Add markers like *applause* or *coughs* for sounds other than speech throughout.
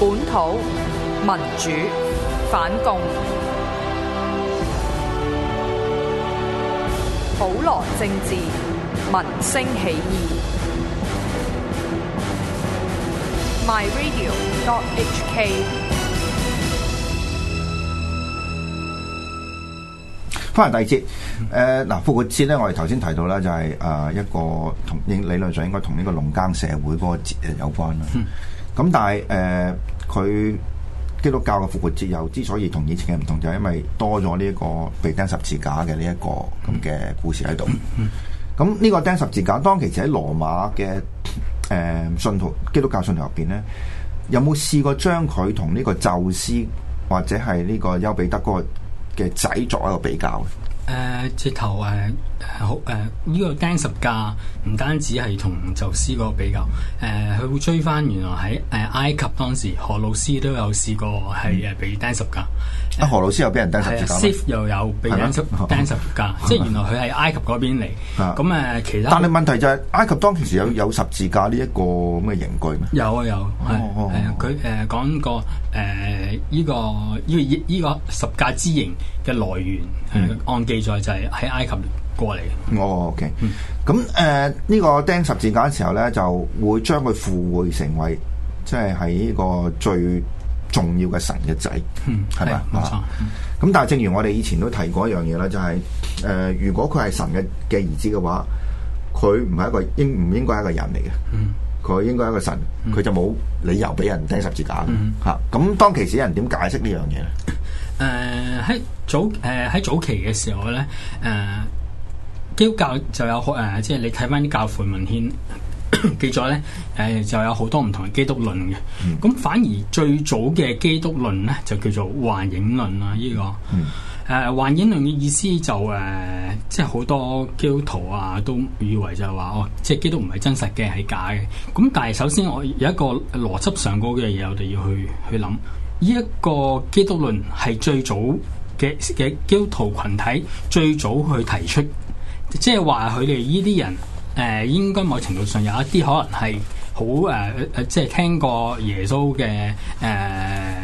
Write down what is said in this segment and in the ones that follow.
本土民主反共，普羅政治民生起義。My Radio. H K。翻 *noise* 嚟樂第二節，誒嗱，復活節咧，我哋頭先提到咧、就是，就係誒一個同應理論上應該同呢個農耕社會個節有關啦。 *music* *music* 咁、嗯、但係誒佢基督教嘅復活節又之所以同以前嘅唔同，就係因為多咗呢一個被釘十字架嘅呢一個咁嘅故事喺度。咁呢、嗯嗯嗯呢個釘十字架當其時喺羅馬嘅誒、呃、信徒基督教信徒入邊咧，有冇試過將佢同呢個宙斯或者係呢個丘比德嗰個嘅仔作一個比較？誒直頭誒好誒呢個斬十架，唔單止係同宙斯嗰個比較，誒佢會追翻原來喺誒埃及，當時何老師都有試過係誒被斬十架，何老師又俾人斬十字架 Seth 又有俾人斬十架，即係原來佢喺埃及嗰邊嚟。咁誒其他，但係問題就係埃及當其時有有十字架呢一個咩刑具咩？有啊有，係係佢誒講過。誒，依、呃這個依、這個依、這個十架之刑嘅來源，嗯、按記載就係喺埃及過嚟。哦、oh，OK，咁誒、嗯，呢、呃這個釘十字架嘅時候咧，就會將佢附會成為，即係喺呢個最重要嘅神嘅仔，係咪？冇錯。咁、嗯、但係，正如我哋以前都提過一樣嘢啦，就係、是、誒、呃，如果佢係神嘅嘅兒子嘅話，佢唔係一個應唔應該係一個人嚟嘅？嗯。佢應該係一個神，佢就冇理由俾人釘十字架嘅嚇。咁當其時有人點解釋呢樣嘢咧？誒喺、呃、早誒喺、呃、早期嘅時候咧，誒、呃、基督教就有誒、呃，即係你睇翻啲教父文獻 *coughs* 記載咧，誒、呃、就有好多唔同嘅基督論嘅。咁、嗯、反而最早嘅基督論咧，就叫做幻影論啦，依、這個。嗯誒、呃、幻影論嘅意思就誒、是呃，即係好多基督徒啊，都以為就係話哦，即係基督唔係真實嘅，係假嘅。咁但係首先我有一個邏輯上高嘅嘢，我哋要去去諗。呢一個基督論係最早嘅嘅基，基督徒群體最早去提出，即係話佢哋呢啲人誒、呃、應該某程度上有一啲可能係好誒即係聽過耶穌嘅誒。呃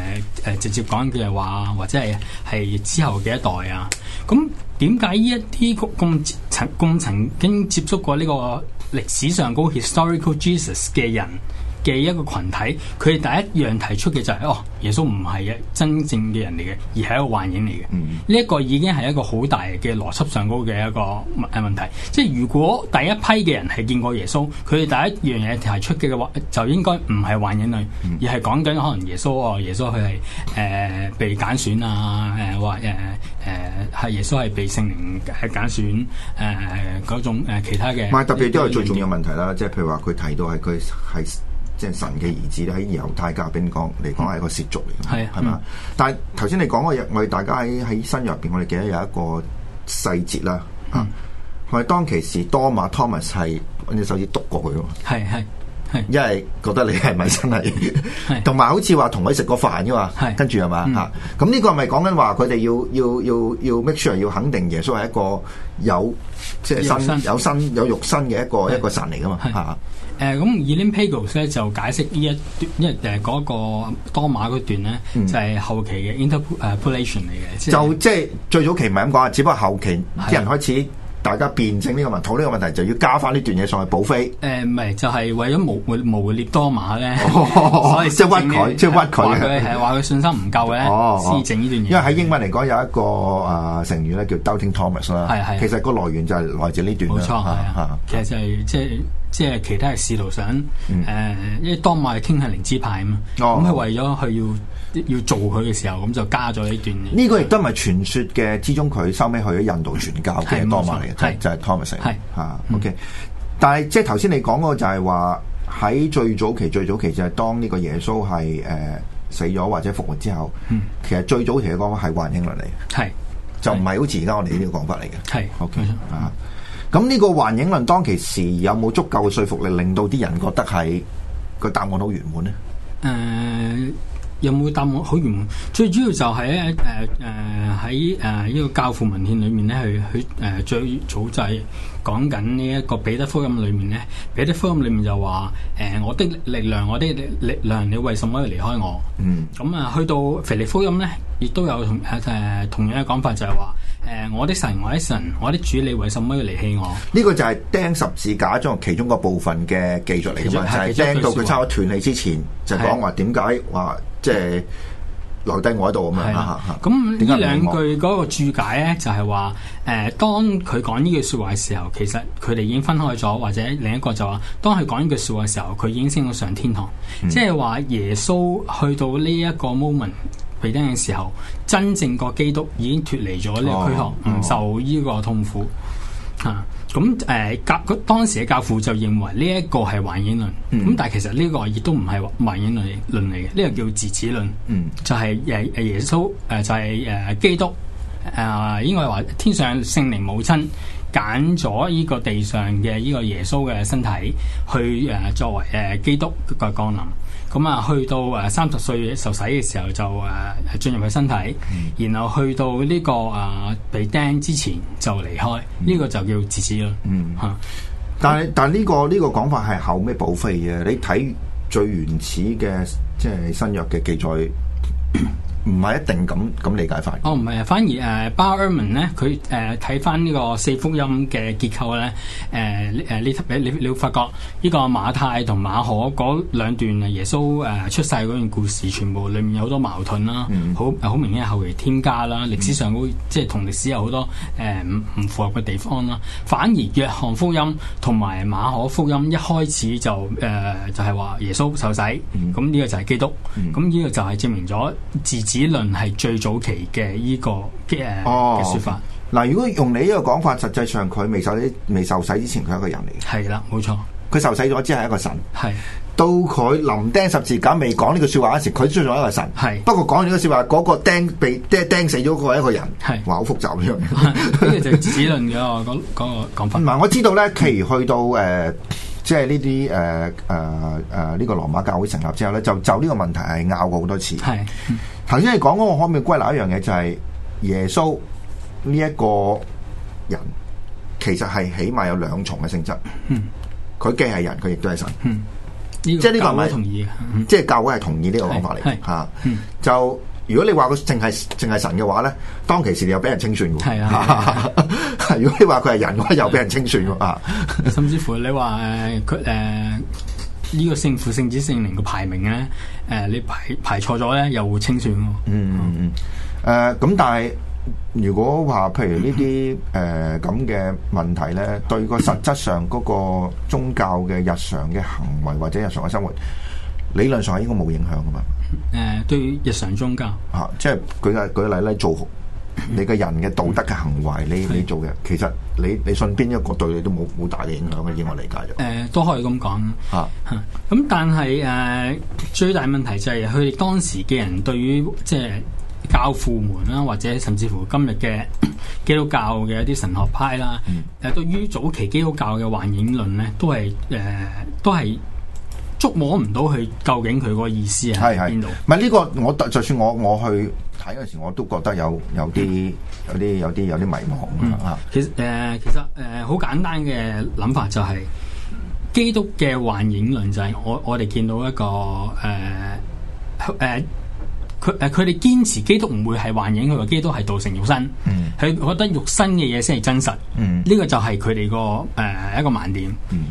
誒直接講嘅話，或者係係之後嘅一代啊，咁點解呢一啲咁咁曾經接觸過呢個歷史上嗰個 historical Jesus 嘅人嘅一個群體，佢哋第一樣提出嘅就係、是、哦，耶穌唔係一真正嘅人嚟嘅，而係一個幻影嚟嘅。呢一、嗯、個已經係一個好大嘅邏輯上高嘅一個問問題。即係如果第一批嘅人係見過耶穌，佢哋第一樣嘢提出嘅話，就應該唔係幻影啦，嗯、而係講緊可能耶穌哦，耶穌佢係誒被揀選啊，誒或誒誒係耶穌係被聖靈係揀選誒嗰種、呃、其他嘅。唔特別都係最重要問題啦，即係譬如話佢提到係佢係。即係神嘅兒子咧，喺猶太教嚟講嚟、嗯、講係個涉族嚟嘅，係嘛、啊？但係頭先你講嘅，我哋大家喺喺新約入邊，我哋記得有一個細節啦。嗯，係、啊、當其時多馬 Thomas 係揾隻手指篤過佢嘅喎。係係因為覺得你係咪真係？ *laughs* *laughs* 同埋好似話同佢食個飯嘅嘛，跟住係嘛嚇？咁呢個係咪講緊話佢哋要要要要 make sure？要肯定耶穌係一個有即係身有身有肉身嘅一個 *noise* 一個神嚟噶嘛嚇？誒咁，Elaine Pagels 咧就解釋呢一段，因為誒嗰個多馬段咧就係後期嘅 Interpolation 嚟嘅，就即係最早期唔係咁講，只不過後期啲 *noise* 是、啊、人開始。大家辨證呢個問題呢個問題，就要加返呢段嘢上去補飛。誒，唔係就係為咗誣誣衊多馬咧，所以即係屈佢，即係屈佢。話佢係話佢信心唔夠嘅。先整呢段嘢。因為喺英文嚟講有一個誒成語咧叫 Doubting Thomas 啦，係係。其實個來源就係來自呢段。冇錯，係啊。其實就係即係即係其他係試圖想誒，因為多馬係傾向靈知派嘛，咁佢為咗佢要。要做佢嘅時候，咁就加咗呢段。呢個亦都唔係傳說嘅，之中佢收尾去咗印度傳教嘅多瑪嚟嘅，就就係 Thomas。係吓，OK。但係即係頭先你講個就係話喺最早期，最早期就係當呢個耶穌係誒死咗或者復活之後，其實最早期嘅講法係幻影論嚟嘅，係就唔係好似而家我哋呢個講法嚟嘅，係 OK 啊。咁呢個幻影論當其時有冇足夠嘅說服力，令到啲人覺得係個答案好圓滿呢？誒。有冇答案？好完最主要就係、是、咧，誒誒喺誒呢個教父文獻裏面咧，去去誒、呃、最早制講緊呢一個彼得福音裏面咧，彼得福音裏面就話誒、呃、我的力量，我的力量，你為什麼要離開我？嗯，咁啊、嗯，去到腓利福音咧，亦都有同誒、呃、同樣嘅講法就，就係話。誒、呃，我的神，我的神，我的主，你為什麼要離棄我？呢個就係釘十字架中其中個部分嘅記載嚟嘅，中就係釘到佢差唔多斷氣之前，的就講話點解話即係留低我喺度咁樣啦吓。咁呢什兩句嗰個注解咧，就係話誒，當佢講呢句說話嘅時候，其實佢哋已經分開咗，或者另一個就話，當佢講呢句說話嘅時候，佢已經升到上天堂，嗯、即係話耶穌去到呢一個 moment。被釘嘅時候，真正個基督已經脫離咗呢個軀殼，唔、哦、受呢個痛苦。吓、哦，咁誒教當時嘅教父就認為呢一個係幻影論，咁、嗯、但係其實呢個亦都唔係幻影論論嚟嘅，呢、這個叫自子論、嗯呃，就係誒耶穌誒就係誒基督誒、呃，應該話天上聖靈母親。揀咗呢個地上嘅呢個耶穌嘅身體去誒作為誒基督嘅降臨，咁、就、啊、是、去到誒三十歲受洗嘅時候就誒進入佢身體，嗯、然後去到呢、這個誒、啊、被釘之前就離開，呢、嗯、個就叫自私咯。嗯，嚇是，但係但呢個呢、這個講法係後尾補飛嘅。你睇最原始嘅即係新約嘅記載。 *coughs* 唔係一定咁咁理解法。哦、oh，唔係啊，反而誒巴爾文咧，佢誒睇翻呢、uh, 個四福音嘅結構咧，誒、uh, 誒你、uh, 你你，你會發覺呢個馬太同馬可嗰兩段啊，耶穌誒出世嗰段故事，全部裏面有好多矛盾啦，好好、mm. 明顯係後期添加啦，歷史上都、那個 mm. 即係同歷史有好多誒唔唔符合嘅地方啦。反而約翰福音同埋馬可福音一開始就誒、uh, 就係話耶穌受洗，咁呢、mm. 個就係基督，咁呢、mm. mm. 個就係證明咗自。子論係最早期嘅依、這個嘅説、哦、法。嗱，如果用你呢個講法，實際上佢未受未受洗之前，佢係一個人嚟嘅。係啦，冇錯。佢受洗咗之後係一個神。係的到佢臨釘十字架未講呢句説話嗰時候，佢仲係一個神。係的不過講完呢句説話，嗰、那個釘被即係釘死咗，佢係一個人。係話好複雜咁樣，跟住是的 *laughs* 就子論咗、那個講法。唔係、嗯，我知道咧，譬如去到誒。呃即係呢啲誒誒誒呢個羅馬教會成立之後咧，就就呢個問題係拗過好多次。係，頭先你講嗰個可唔可以歸納一樣嘢，就係耶穌呢一個人其實係起碼有兩重嘅性質。嗯，佢既係人，佢亦都係神。嗯，即係呢個唔係同意。即係教會係同意呢個講法嚟嚇。就如果你話佢淨係淨係神嘅話咧，當其時你又俾人清算喎。係啊， *laughs* 如果你話佢係人嘅話，又俾人清算喎啊。 *laughs* 甚至乎你話佢誒呢個聖父、聖子、聖靈嘅排名咧，誒、呃、你排排錯咗咧，又會清算喎、嗯。嗯嗯嗯。誒、呃，咁但係如果話，譬如呢啲誒咁嘅問題咧，對個實質上嗰個宗教嘅日常嘅行為或者日常嘅生活。理論上係應該冇影響噶嘛？誒、呃，對於日常宗教，吓、啊，即係舉例，舉例咧，做你個人嘅道德嘅行為，你是你做嘅，其實你你信邊一個對你都冇冇大嘅影響嘅，以我理解就誒、呃、都可以咁講吓。咁、啊嗯、但係誒、呃、最大問題就係佢哋當時嘅人對於即係教父們啦，或者甚至乎今日嘅基督教嘅一啲神學派啦，誒、嗯，對於、呃、早期基督教嘅幻影論咧，都係誒、呃、都係。都捉摸唔到佢究竟佢個意思係邊度？係係、這個，唔係呢個我就算我我去睇嗰時，我都覺得有有啲有啲有啲有啲迷茫。啊、嗯，其實誒、呃，其實誒，好、呃、簡單嘅諗法就係、是、基督嘅幻影論就係、是、我我哋見到一個誒誒佢誒佢哋堅持基督唔會係幻影，佢話基督係道成肉身。佢我、嗯、覺得肉身嘅嘢先係真實。呢、嗯、個就係佢哋個誒一個盲點。嗯。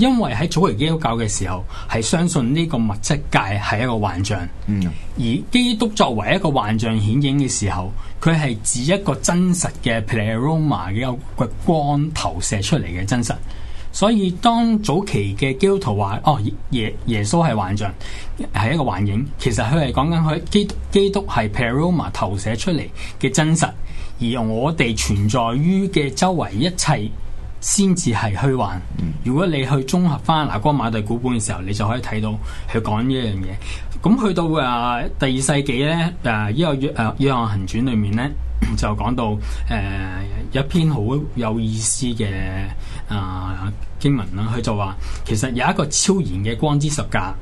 因為喺早期基督教嘅時候，係相信呢個物質界係一個幻象，而基督作為一個幻象顯影嘅時候，佢係指一個真實嘅 Pleroma 嘅一個光投射出嚟嘅真實。所以當早期嘅基督徒話哦，耶耶穌係幻象，係一個幻影，其實佢係講緊佢基督基督係 Pleroma 投射出嚟嘅真實，而我哋存在於嘅周圍一切，先至係虛幻。如果你去綜合翻嗱哥馬地古本嘅時候，你就可以睇到佢講呢樣嘢。咁、嗯、去到誒、啊、第二世紀咧，誒、啊《呢個約誒、啊《約翰行傳》裏面咧，就講到誒、啊、一篇好有意思嘅啊經文啦。佢、啊、就話其實有一個超然嘅光之十架，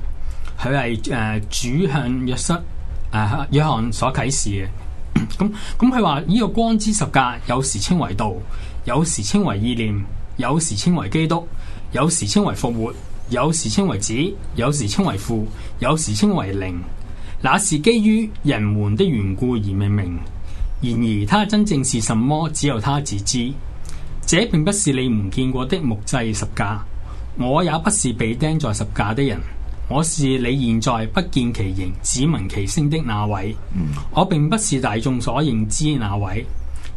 佢係誒主向約瑟誒、啊、約翰所啟示嘅。咁咁佢話呢個光之十架有時稱為道。有時稱為意念，有時稱為基督，有時稱為復活，有時稱為子，有時稱為父，有時稱為靈。那是基於人們的緣故而命名。然而，他真正是什麼，只有他自知。這並不是你們見過的木製十架。我也不是被釘在十架的人。我是你現在不見其形、只聞其聲的那位。我並不是大眾所認知那位。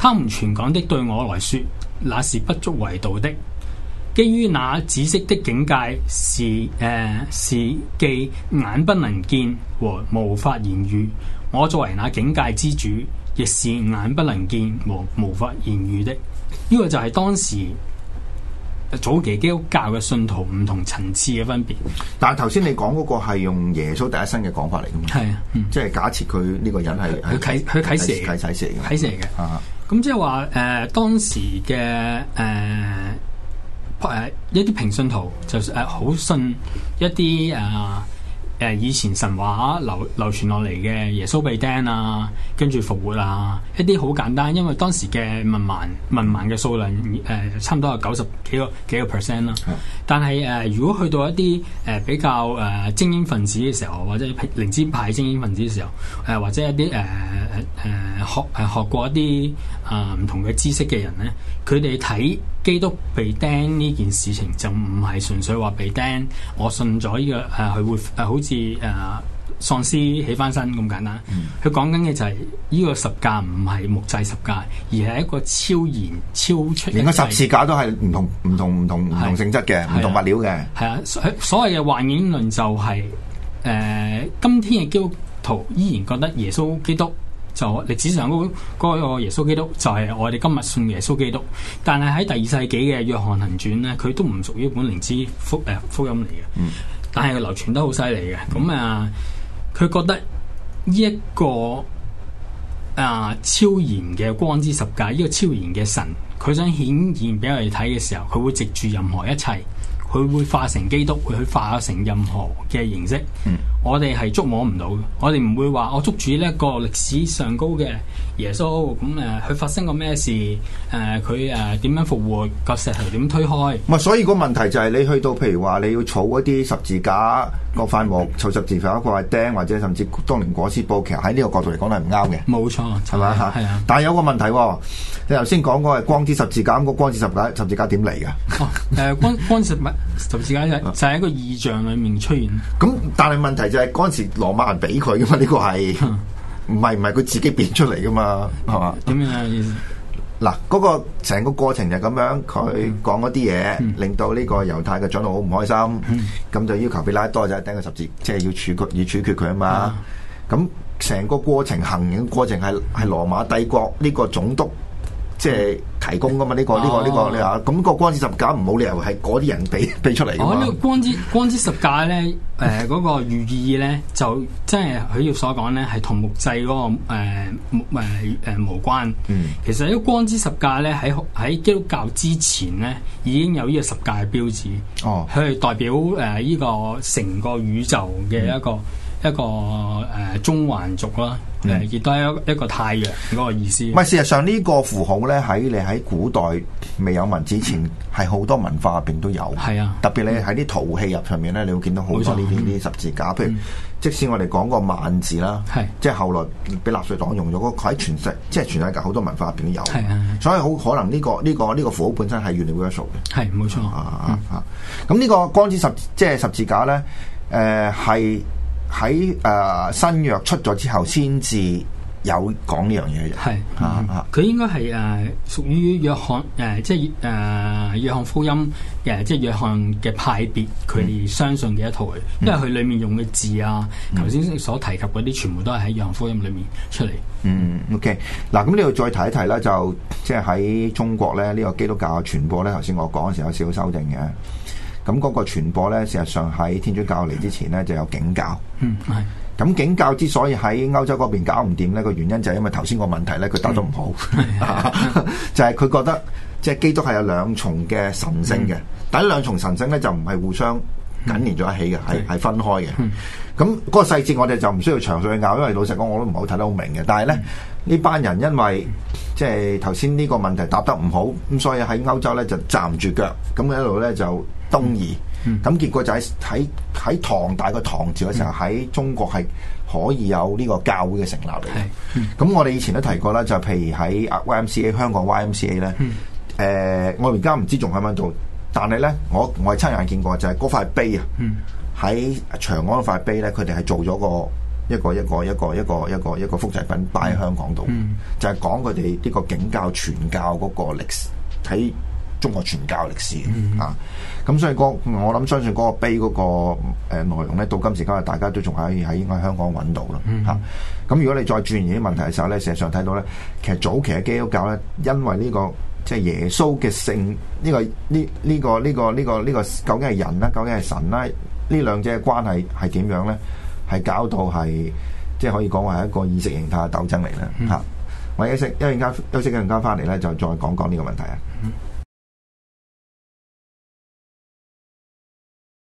他們全講的，對我來說，那是不足為道的。基於那紫色的境界是誒、呃、是既眼不能見和無法言喻，我作為那境界之主，亦是眼不能見和無法言喻的。呢、這個就係當時早期基督教嘅信徒唔同層次嘅分別。但係頭先你講嗰個係用耶穌第一身嘅講法嚟嘅，係啊，嗯、即係假設佢呢個人係佢啟佢啟示，啟示啟示嘅啊。咁即係話，誒、嗯就是呃，當時嘅誒，誒、呃，一啲平信徒，就誒、是，好、呃、信一啲誒。呃誒以前神話流流傳落嚟嘅耶穌被釘啊，跟住復活啊，一啲好簡單，因為當時嘅文盲文盲嘅數量誒、呃、差唔多係九十幾個幾個 percent 啦。嗯、但係誒、呃、如果去到一啲誒、呃、比較誒、呃、精英分子嘅時候，或者靈知派精英分子嘅時候，誒或者一啲誒誒學誒學過一啲啊唔同嘅知識嘅人咧，佢哋睇。基督被釘呢件事情就唔係純粹話被釘，我信咗呢、這個誒佢、呃、會誒、呃、好似誒、呃、喪屍起翻身咁簡單。佢講緊嘅就係、是、呢、這個十架唔係木製十架，而係一個超然超出。連個十字架都係唔同唔同唔同唔同，同性質嘅唔、啊、同物料嘅。係啊，啊，所所謂嘅幻影論就係、是、誒、呃，今天嘅基督徒依然覺得耶穌基督。就歷史上嗰個耶穌基督就係、是、我哋今日信耶穌基督，但係喺第二世紀嘅《約翰行傳》咧，佢都唔屬於本靈知復誒福音嚟嘅，嗯、但係佢流傳得好犀利嘅。咁、嗯、啊，佢覺得呢一個啊超然嘅光之十界，呢個超然嘅神，佢想顯現俾我哋睇嘅時候，佢會藉住任何一切，佢會化成基督，佢去化成任何嘅形式。嗯我哋係捉摸唔到，我哋唔會話我捉住呢一個歷史上高嘅耶穌咁誒，佢、嗯啊、發生過咩事？誒、呃，佢誒點樣復活？個石頭點推開？唔係，所以個問題就係你去到譬如話你要儲嗰啲十字架個塊木儲的十字架個塊釘，或者甚至當年裹屍布，其實喺呢個角度嚟講都係唔啱嘅。冇錯，係咪啊？係啊吧。但係有個問題、哦，你頭先講過係光之十字架，嗰個光之十字架十字架點嚟噶？誒、 *laughs* 哦呃，光光是乜？ *laughs* 十字架就就喺個異象裏面出現。咁、嗯、但係問題就係嗰陣時羅馬人俾佢噶嘛？呢、這個係唔係唔係佢自己變出嚟噶嘛？係嘛、嗯？點樣意思？嗱，嗰個成個過程就咁樣，佢講嗰啲嘢，嗯、令到呢個猶太嘅長老好唔開心，咁就要求彼拉多仔頂個十字，即係要處決，要處決佢啊嘛。咁成、嗯、個過程行嘅過程係係羅馬帝國呢個總督。即係提供噶嘛？呢、這個呢、哦這個呢個你話，咁、那個光之十架唔好理由係嗰啲人俾俾出嚟嘅。我哦，呢、這個光之光之十架咧，誒、呃、嗰、那個寓意咧，就即係許業所講咧，係同木製嗰、那個誒誒誒無關。嗯，其實呢光之十架咧喺喺基督教之前咧已經有呢個十架嘅標誌。哦，佢係代表誒依、呃這個成個宇宙嘅一個。嗯一個誒、呃，中環族啦，誒亦都係一個一個太陽嗰個意思。唔係，事實上呢個符號咧，喺你喺古代未有文字前，係好、嗯、多文化入邊都有。係啊，特別你喺啲陶器入上面咧，你會見到好多呢啲呢十字架。譬如，嗯、即使我哋講個萬字啦，係、啊嗯、即係後來俾納粹黨用咗，個喺全世即係全世界好多文化入邊都有。係啊，啊所以好可能呢、呢個呢、呢個呢、呢個符號本身係源流追溯嘅。係冇的錯啊，咁呢個光子十即係十字架咧，誒、呃、係。喺誒、呃、新約出咗之後，先至有講呢樣嘢嘅。係啊，佢、嗯、應該係誒、呃、屬於約翰誒、呃，即係誒、呃、約翰福音誒，即係約翰嘅派別，佢哋相信嘅一套。嗯、因為佢裏面用嘅字啊，頭先、嗯、所提及嗰啲，全部都係喺約翰福音裏面出嚟。嗯，OK、啊。嗱，咁呢度再提一提啦，就即係喺中國咧，呢、呢個基督教嘅傳播咧，頭先我講嘅時候有少少修正嘅。咁嗰個傳播咧，事實上喺天主教嚟之前咧就有景教。嗯，係。咁景教之所以喺歐洲嗰邊搞唔掂呢個原因就係因為頭先個問題咧，佢答得唔好。嗯、 *laughs* 就係佢覺得，即、就、係、是、基督係有兩重嘅神性嘅，嗯、但係兩重神性咧就唔係互相緊連咗一起嘅，係係、嗯、分開嘅。咁嗰、嗯、個細節我哋就唔需要詳細去拗，因為老實講我都唔係好睇得好明嘅。但係咧，呢、嗯嗯、班人因為即係頭先呢個問題答得唔好，咁所以喺歐洲咧就，就站住腳，咁一路咧就。東夷，咁結果就喺喺唐代個唐朝嘅時候，喺中國係可以有呢個教會嘅成立嚟嘅。咁我哋以前都提過啦，就譬如喺 YMCA 香港 YMCA 咧，誒，我而家唔知仲喺唔喺度，但係咧，我我係親眼見過，就係嗰塊碑啊，喺長安嗰塊碑咧，佢哋係做咗個一個一個一個一個一個一個複製品擺喺香港度，就係講佢哋呢個景教傳教嗰個歷史喺中國傳教嘅歷史啊。咁所以嗰，那個，我諗，相信嗰個碑嗰，那個誒內，呃、容咧，到今時今日大家都仲係可以喺香港搵到咯，吓。咁、mm hmm. 啊，如果你再轉移啲問題嘅時候咧，事實上睇到咧，其實早期嘅基督教咧，因為呢、這個即係耶穌嘅性，呢、這個呢呢、這個呢、這個呢、這個呢、這個究竟係人啦，究竟係，啊，神啦，啊？呢兩者嘅關係係點樣咧？係搞到係即係可以講話係一個意識形態嘅鬥爭嚟啦，吓。我休息一陣間，休息一陣間翻嚟咧，就再講一講呢個問題啊。Mm mm mm